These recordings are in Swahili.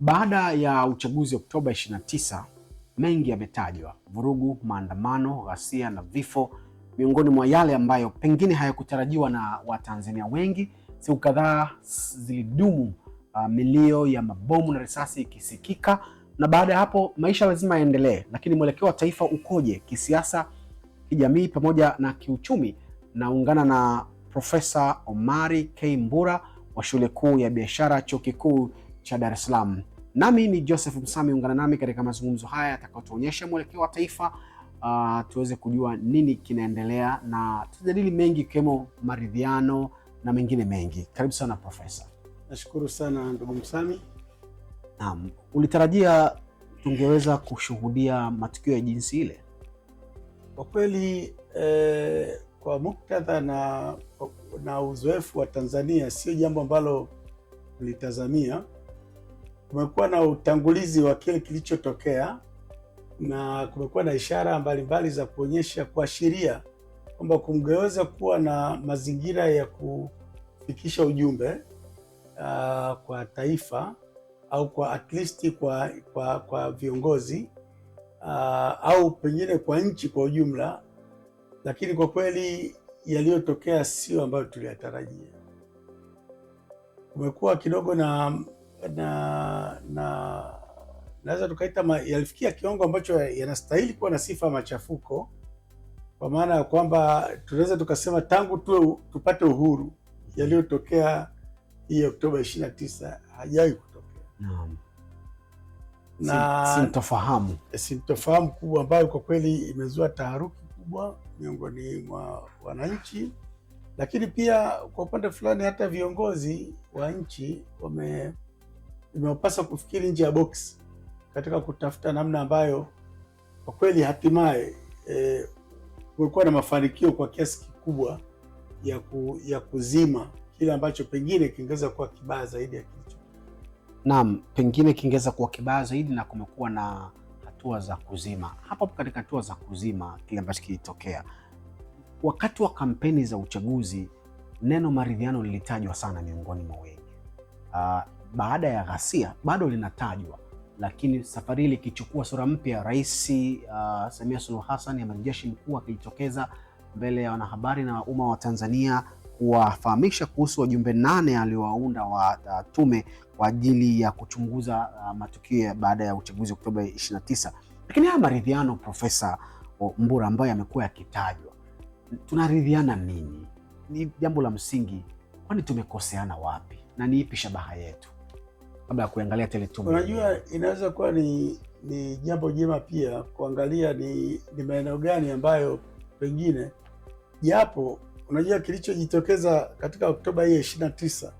Baada ya uchaguzi wa Oktoba 29, mengi yametajwa: vurugu, maandamano, ghasia na vifo, miongoni mwa yale ambayo pengine hayakutarajiwa na Watanzania wengi. Siku kadhaa zilidumu, uh, milio ya mabomu na risasi ikisikika, na baada ya hapo maisha lazima yaendelee. Lakini mwelekeo wa taifa ukoje kisiasa, kijamii pamoja na kiuchumi? Naungana na Profesa Omari K Mbura wa Shule Kuu ya Biashara, Chuo Kikuu cha Dar es Salaam. Nami ni Joseph Msami, ungana nami katika mazungumzo haya yatakayotuonyesha mwelekeo wa taifa, uh, tuweze kujua nini kinaendelea na tujadili mengi ikiwemo maridhiano na mengine mengi. Karibu sana profesa. Nashukuru sana ndugu Msami. Naam, ulitarajia tungeweza kushuhudia matukio ya jinsi ile? Kwa kweli eh, kwa muktadha na, na uzoefu wa Tanzania sio jambo ambalo nilitazamia Kumekuwa na utangulizi wa kile kilichotokea na kumekuwa na ishara mbalimbali za kuonyesha kuashiria kwamba kungeweza kuwa na mazingira ya kufikisha ujumbe uh, kwa taifa au kwa at least kwa, kwa, kwa viongozi uh, au pengine kwa nchi kwa ujumla, lakini kwa kweli yaliyotokea sio ambayo tuliyatarajia. Kumekuwa kidogo na na na naweza tukaita yalifikia kiwango ambacho yanastahili kuwa na sifa machafuko, kwa maana ya kwamba tunaweza tukasema tangu tuwe tupate uhuru yaliyotokea hii Oktoba 29 hajawahi kutokea. Naam. Na sintofahamu eh, sintofahamu kubwa ambayo kwa kweli imezua taharuki kubwa miongoni mwa wananchi, lakini pia kwa upande fulani hata viongozi wa nchi wame imewapasa kufikiri nje ya boksi katika kutafuta namna ambayo kwa kweli hatimaye e, kumekuwa na mafanikio kwa kiasi kikubwa ya, ku, ya kuzima kile ambacho pengine kingeweza kuwa kibaya zaidi ya kilicho. Naam, pengine kingeweza kuwa kibaya zaidi na kumekuwa na hatua za kuzima. Hapo katika hatua za kuzima kile ambacho kilitokea wakati wa kampeni za uchaguzi, neno maridhiano lilitajwa sana miongoni mwa wengi. Uh, baada ya ghasia bado linatajwa, lakini safari hii likichukua sura mpya. Rais uh, Samia Suluhu Hassan, amiri jeshi mkuu, akijitokeza mbele ya wanahabari na umma wa Tanzania kuwafahamisha kuhusu wajumbe nane aliowaunda wa uh, tume kwa ajili ya kuchunguza uh, matukio baada ya uchaguzi wa Oktoba 29. Lakini haya maridhiano, Profesa Mbura, ambayo yamekuwa yakitajwa, tunaridhiana nini? Ni jambo la msingi, kwani tumekoseana wapi na ni ipi shabaha yetu? kabla ya kuangalia Teletubi. Unajua, inaweza kuwa ni ni jambo jema pia kuangalia ni, ni maeneo gani ambayo pengine japo unajua kilichojitokeza katika Oktoba hii ya ishirini na tisa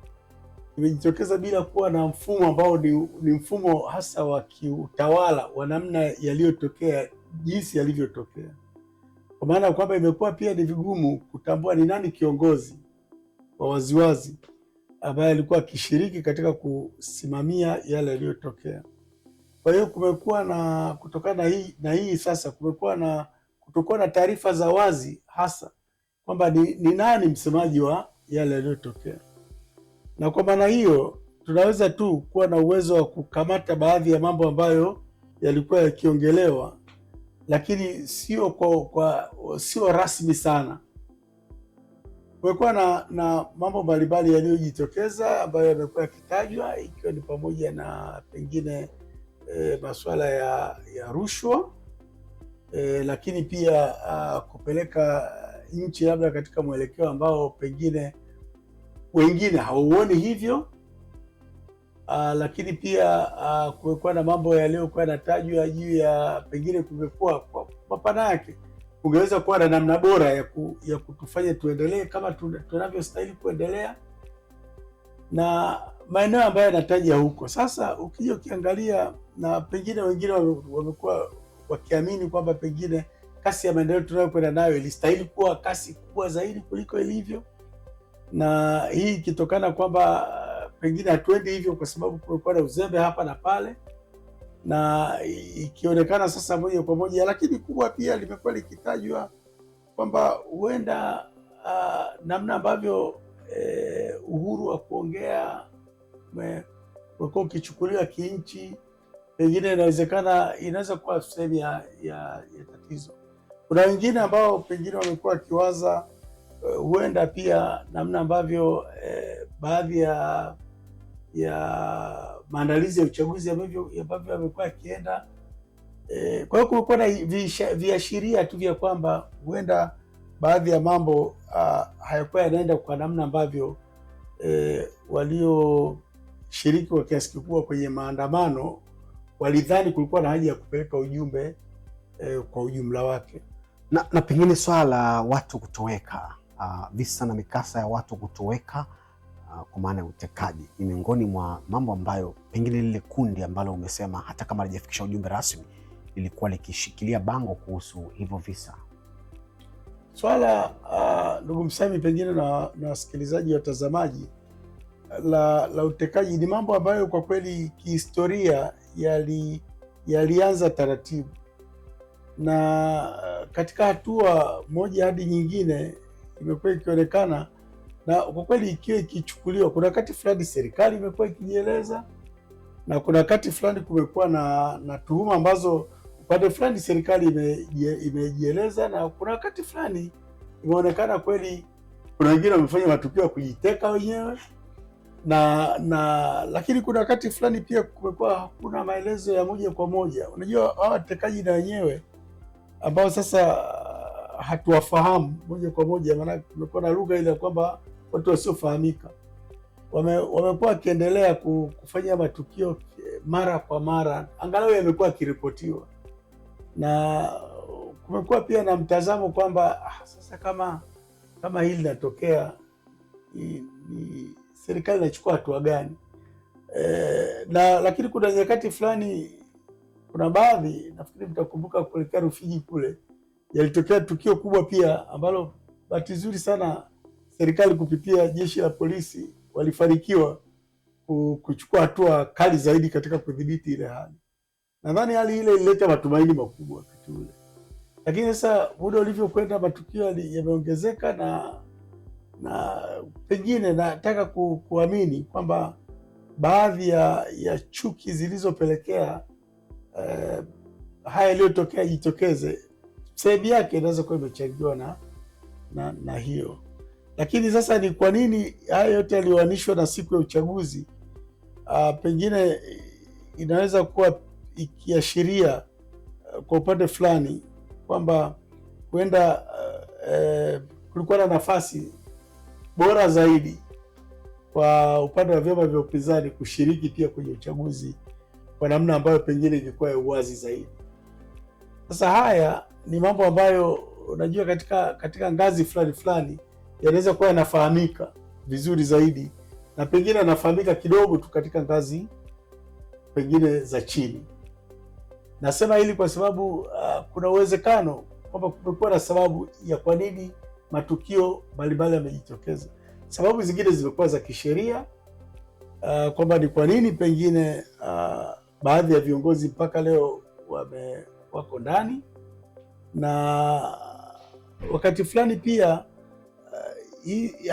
imejitokeza bila kuwa na mfumo ambao ni, ni mfumo hasa wa kiutawala wa namna yaliyotokea jinsi yalivyotokea, kwa maana ya kwamba imekuwa pia ni vigumu kutambua ni nani kiongozi wa waziwazi ambaye alikuwa akishiriki katika kusimamia yale yaliyotokea. Kwa hiyo kumekuwa na kutokana na hii, na hii sasa kumekuwa na kutokuwa na taarifa za wazi hasa kwamba ni, ni nani msemaji wa yale yaliyotokea, na kwa maana hiyo tunaweza tu kuwa na uwezo wa kukamata baadhi ya mambo ambayo yalikuwa yakiongelewa, lakini sio kwa, kwa sio rasmi sana Kumekuwa na, na mambo mbalimbali yaliyojitokeza ambayo yamekuwa yakitajwa ikiwa ni pamoja na pengine e, eh, masuala ya, ya rushwa e, lakini pia a, ah, kupeleka nchi labda katika mwelekeo ambao pengine wengine hauoni hivyo a, ah, lakini pia ah, kumekuwa na mambo yaliyokuwa yanatajwa juu ya pengine kumekuwa kwa mapana yake ungeweza kuwa na namna bora ya, ku, ya kutufanya tuendelee kama tunavyostahili kuendelea na maeneo ambayo yanataja huko. Sasa ukija ukiangalia, na pengine wengine wamekuwa wakiamini kwamba pengine kasi ya maendeleo tunayokwenda nayo ilistahili kuwa kasi kubwa zaidi kuliko ilivyo, na hii ikitokana kwamba uh, pengine hatuendi hivyo kwa sababu kumekuwa na uzembe hapa na pale na ikionekana sasa moja kwa moja, lakini kubwa pia limekuwa likitajwa kwamba huenda uh, namna ambavyo eh, uhuru wa kuongea umekuwa ukichukuliwa kinchi, pengine inawezekana inaweza kuwa sehemu ya, ya, ya tatizo. Kuna wengine ambao pengine wamekuwa wakiwaza uh, huenda pia namna ambavyo eh, baadhi ya ya maandalizi ya uchaguzi ambavyo yamekuwa yakienda. E, kwa hiyo kumekuwa na viashiria tu vya kwamba huenda baadhi ya mambo hayakuwa yanaenda kwa namna ambavyo e, walioshiriki kwa kiasi kikubwa kwenye maandamano walidhani kulikuwa na haja ya kupeleka ujumbe e, kwa ujumla wake na, na pengine swala la watu kutoweka, visa na mikasa ya watu kutoweka Ah, kwa maana ya utekaji ni miongoni mwa mambo ambayo pengine lile kundi ambalo umesema hata kama alijafikisha ujumbe rasmi lilikuwa likishikilia bango kuhusu hivyo visa swala uh, ndugu Msami, pengine na, na wasikilizaji watazamaji, la, la utekaji ni mambo ambayo kwa kweli kihistoria yali yalianza taratibu, na katika hatua moja hadi nyingine imekuwa ikionekana na kwa kweli ikiwa ikichukuliwa, kuna wakati fulani serikali imekuwa ikijieleza na kuna wakati fulani kumekuwa na, na tuhuma ambazo upande fulani serikali imejieleza ime, na kuna wakati fulani imeonekana kweli kuna wengine wamefanya matukio ya kujiteka wenyewe na na, lakini kuna wakati fulani pia kumekuwa hakuna maelezo ya moja kwa moja. Unajua hawa watekaji na wenyewe ambao sasa hatuwafahamu moja kwa moja, maana kumekuwa na lugha ile kwamba watu wasiofahamika wame, wamekuwa wakiendelea kufanya matukio eh, mara kwa mara, angalau yamekuwa akiripotiwa na kumekuwa pia na mtazamo kwamba ah, sasa kama kama hili linatokea ni serikali inachukua hatua gani? E, na lakini kuna nyakati fulani, kuna baadhi, nafikiri mtakumbuka kuelekea Rufiji kule yalitokea tukio kubwa pia ambalo bahati nzuri sana serikali kupitia jeshi la polisi walifanikiwa kuchukua hatua kali zaidi katika kudhibiti ile hali. Nadhani hali ile ilileta matumaini makubwa wakati ule, lakini sasa muda ulivyokwenda matukio yameongezeka, na na pengine nataka ku, kuamini kwamba baadhi ya, ya chuki zilizopelekea eh, haya yaliyotokea jitokeze, sehemu yake inaweza kuwa imechangiwa na, na, na hiyo lakini sasa ni kwa nini haya yote yaliyoanishwa na siku ya uchaguzi? Uh, pengine inaweza kuwa ikiashiria ah, kwa upande fulani kwamba huenda ah, eh, kulikuwa na nafasi bora zaidi kwa upande wa vyama vya upinzani kushiriki pia kwenye uchaguzi kwa namna ambayo pengine ilikuwa ya uwazi zaidi. Sasa haya ni mambo ambayo unajua, katika katika ngazi fulani fulani yanaweza kuwa yanafahamika vizuri zaidi, na pengine anafahamika kidogo tu katika ngazi pengine za chini. Nasema hili kwa sababu uh, kuna uwezekano kwamba kumekuwa na sababu ya kwa nini matukio mbalimbali yamejitokeza. Sababu zingine zimekuwa za kisheria uh, kwamba ni kwa nini pengine uh, baadhi ya viongozi mpaka leo wame, wako ndani na wakati fulani pia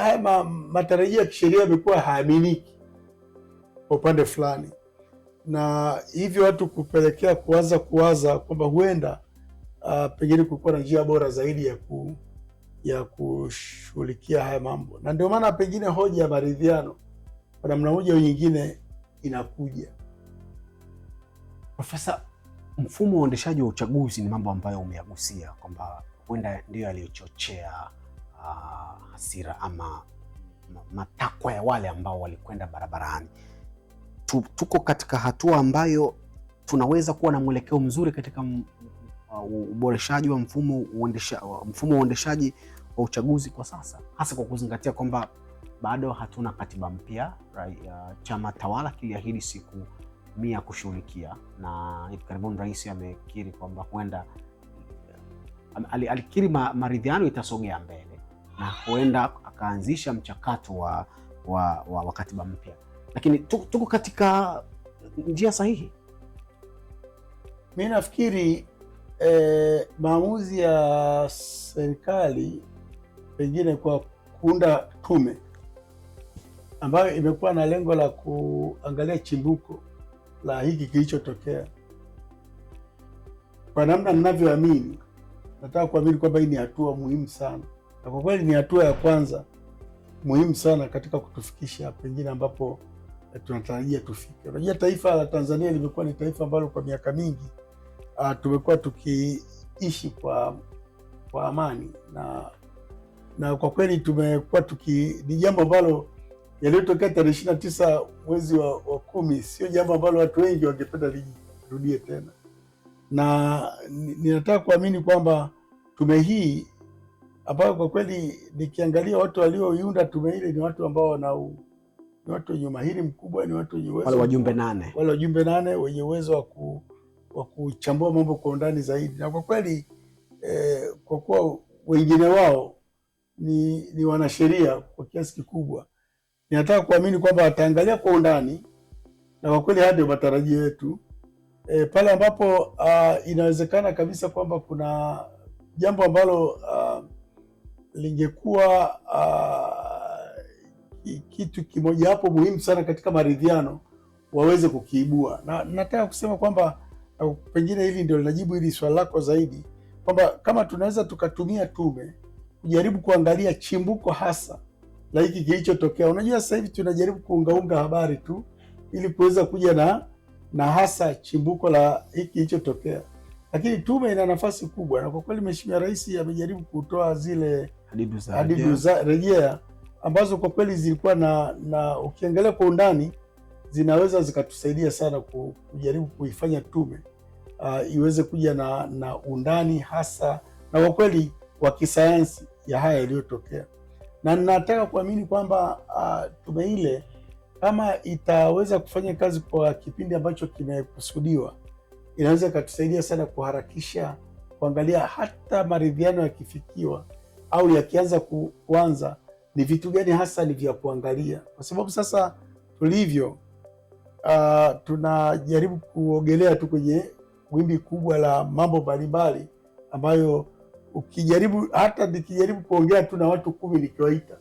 haya ma, matarajio ya kisheria yamekuwa haaminiki kwa upande fulani, na hivyo watu kupelekea kuwaza kuwaza kwamba huenda uh, pengine kulikuwa na njia bora zaidi ya ku, ya kushughulikia haya mambo, na ndio maana pengine hoja ya maridhiano kwa namna moja au nyingine inakuja. Profesa, mfumo wa uendeshaji wa uchaguzi ni mambo ambayo umeyagusia kwamba huenda ndiyo yaliyochochea uh, hasira ama matakwa ya wale ambao walikwenda barabarani. Tuko katika hatua ambayo tunaweza kuwa na mwelekeo mzuri katika uboreshaji wa mfumo uendesha, mfumo wa uendeshaji wa uchaguzi kwa sasa, hasa kwa kuzingatia kwamba bado hatuna katiba mpya. Chama tawala kiliahidi siku mia kushughulikia, na hivi karibuni rais amekiri kwamba huenda eh, alikiri maridhiano itasogea mbele na huenda akaanzisha mchakato wa, wa, wa, wa katiba mpya, lakini tuko katika njia sahihi. Mi nafikiri eh, maamuzi ya serikali pengine kwa kuunda tume ambayo imekuwa na lengo la kuangalia chimbuko la hiki kilichotokea, kwa namna ninavyoamini, nataka kuamini kwamba hii ni hatua muhimu sana na kwa kweli ni hatua ya kwanza muhimu sana katika kutufikisha pengine ambapo eh, tunatarajia tufike. Unajua, taifa la Tanzania limekuwa ni taifa ambalo kwa miaka mingi uh, tumekuwa tukiishi kwa kwa amani na na kwa kweli tumekuwa tuki, ni jambo ambalo yaliyotokea tarehe ishirini na tisa mwezi wa, wa kumi sio jambo ambalo watu wengi wangependa lijirudie tena, na ninataka kuamini kwamba tume hii ambayo kwa kweli nikiangalia watu walioiunda tume ile ni watu ambao wana ni watu wenye umahiri mkubwa, ni watu wenye uwezo, wale wajumbe nane, wale wajumbe nane wenye uwezo wa ku wa kuchambua mambo kwa undani zaidi, na kwa kweli eh, kwa kuwa wengine wao ni, ni wanasheria kwa kiasi kikubwa, ninataka kuamini kwamba wataangalia kwa undani na kwa kweli hadi matarajio yetu eh, pale ambapo uh, inawezekana kabisa kwamba kuna jambo ambalo uh, lingekuwa uh, kitu kimoja hapo muhimu sana katika maridhiano waweze kukiibua, na nataka kusema kwamba pengine hili ndio linajibu hili swali lako zaidi, kwamba kama tunaweza tukatumia tume kujaribu kuangalia chimbuko hasa la hiki kilichotokea. Unajua, sasa hivi tunajaribu kuungaunga habari tu ili kuweza kuja na na hasa chimbuko la hiki kilichotokea. Lakini tume ina nafasi kubwa, na kwa kweli Mheshimiwa Rais amejaribu kutoa zile hadidu za rejea ambazo kwa kweli zilikuwa na na ukiangalia kwa undani zinaweza zikatusaidia sana kujaribu kuifanya tume uh, iweze kuja na na undani hasa na kwa kweli wa kisayansi ya haya yaliyotokea, na nataka kuamini kwamba uh, tume ile kama itaweza kufanya kazi kwa kipindi ambacho kimekusudiwa inaweza ikatusaidia sana kuharakisha kuangalia hata maridhiano yakifikiwa au yakianza kuanza, ni vitu gani hasa ni vya kuangalia, kwa sababu sasa tulivyo, uh, tunajaribu kuogelea tu kwenye wimbi kubwa la mambo mbalimbali ambayo ukijaribu hata nikijaribu kuongea tu na watu kumi nikiwaita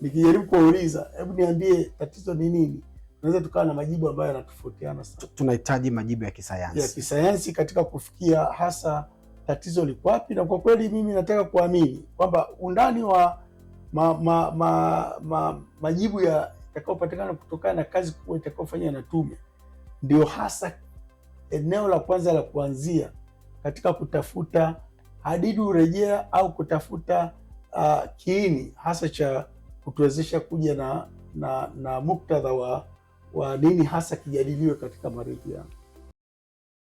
nikijaribu kuwauliza, hebu niambie tatizo ni nini? tunaweza tukawa na majibu ambayo yanatofautiana sana. Tunahitaji majibu ya kisayansi ya kisayansi katika kufikia hasa tatizo liko wapi, na kwa kweli mimi nataka kuamini kwamba undani wa ma, ma, ma, ma, majibu yatakayopatikana kutokana na kazi kubwa itakayofanywa na tume ndio hasa eneo la kwanza la kuanzia katika kutafuta hadidu urejea au kutafuta uh, kiini hasa cha kutuwezesha kuja na, na, na muktadha wa wa nini hasa kijadiliwe katika maridhiano.